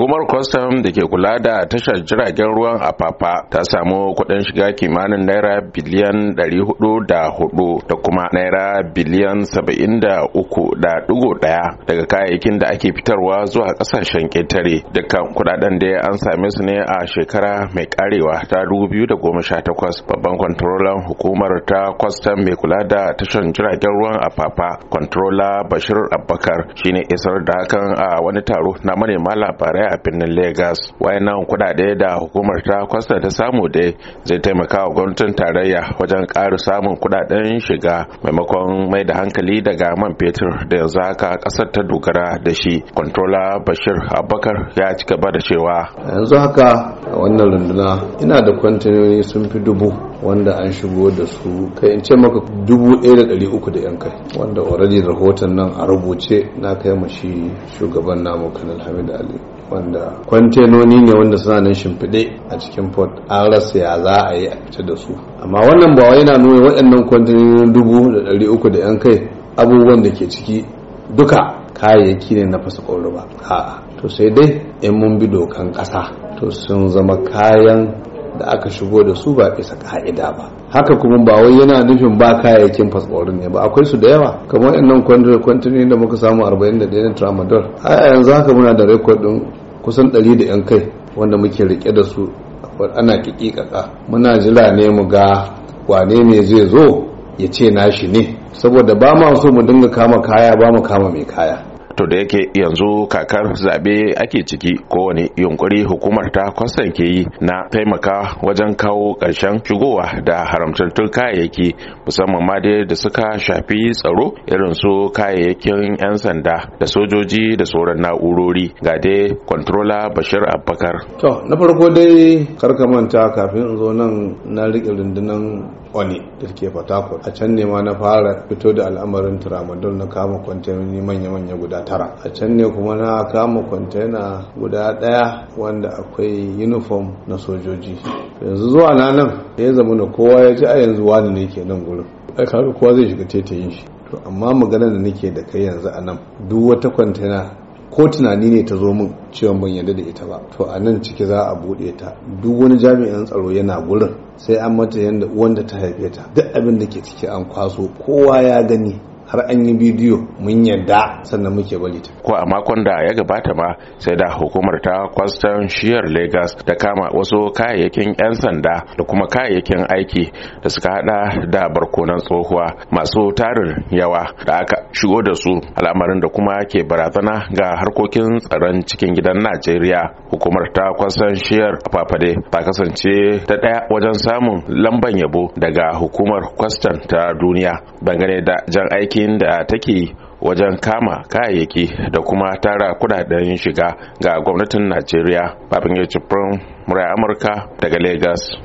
hukumar kwastam da ke kula da tashar jiragen ruwan a PAPA ta samu kuɗin shiga kimanin naira biliyan 404 da kuma naira biliyan 73.1 daga kayayyakin da ake fitarwa zuwa kasashen ƙetare dukkan kuɗaɗen da an same su ne a shekara mai karewa ta 2018 babban kwantarolan hukumar ta kwastam mai kula da tashar jiragen ruwan a PAPA kwantarola bashir abubakar shine isar da hakan a wani taro na manema labarai a birnin lagos wayannan kuɗaɗe da hukumar ta kwasta ta samu dai zai taimaka wa gwamnatin tarayya wajen ƙara samun kuɗaɗen shiga maimakon mai da hankali daga man fetur da yanzu haka ƙasar ta dogara da shi kwantola bashir abubakar ya ci gaba da cewa yanzu haka a wannan runduna ina da kwantinoni sun fi dubu wanda an shigo da su kai in ce maka dubu ɗaya da ɗari uku da yan kai wanda already rahoton nan a rubuce na kai shi shugaban namu kanal hamid ali wanda kwantenoni ne wanda suna nan shimfiɗe a cikin port an rasa ya za a yi a fita da su amma wannan ba yana nuna waɗannan kwantenoni dubu da ɗari uku da yan kai abubuwan da ke ciki duka kayayyaki ne na fasa ba a'a to sai dai in mun bi dokan ƙasa to sun zama kayan da aka shigo da su ba isa ka'ida ba haka kuma ba wai yana nufin ba kayayyakin fasforin ne ba akwai su da yawa kamar waɗannan kwantini da muka samu 41 na tramadol a yanzu haka muna da rikodin. kusan ɗari da 'yan kai wanda muke rike da su ana kikikaka muna jira ne mu ga wane ne zai zo ya ce nashi ne saboda ba ma so mu dinga kama kaya ba mu kama mai kaya to da yake yanzu kakar zabe ake ciki kowane yunkuri hukumar ta kwasan ke yi na taimaka wajen kawo ƙarshen shigowa da haramtattun kayayyaki musamman ma dai da suka shafi tsaro irin su kayayyakin 'yan sanda da sojoji da sauran na'urori ga dai kwantrola bashir abbakar to na farko dai karka manta kafin in zo nan na riƙe rundunar oni da ke a can ne ma na fara fito da al'amarin tramadol na kama kwantenoni manya-manya guda tara a can ne kuma na kama kwantena guda daya wanda akwai uniform na sojoji yanzu zuwa na nan ya zama na kowa ya ji a yanzu wani ne ke nan gurin ai kaga kowa zai shiga tetayin shi to amma maganar da nake da kai yanzu a nan duk wata kwantena ko tunani ne ta zo min cewa ban yarda da ita ba to a nan ciki za a buɗe ta duk wani jami'in tsaro yana gurin sai an mata yadda uwan da ta haife ta duk abin da ke ciki an kwaso kowa ya gani har an yi bidiyo mun yadda sannan muke bari ta ko a makon da ya gabata ma sai da hukumar ta kwastan shiyar lagos ta kama wasu kayayyakin 'yan sanda da kuma kayayyakin aiki da suka hada da barkonan tsohuwa masu tarin yawa da aka shigo da su al'amarin da kuma ke barazana ga harkokin tsaron cikin gidan najeriya hukumar ta kwasan shiyar fafade ta kasance ta daya wajen samun lamban yabo daga hukumar kwastan ta duniya dangane da jan aiki matakin da take wajen kama kayayyaki da kuma tara kudaden shiga ga gwamnatin najeriya babin ya cifrin murai amurka daga lagos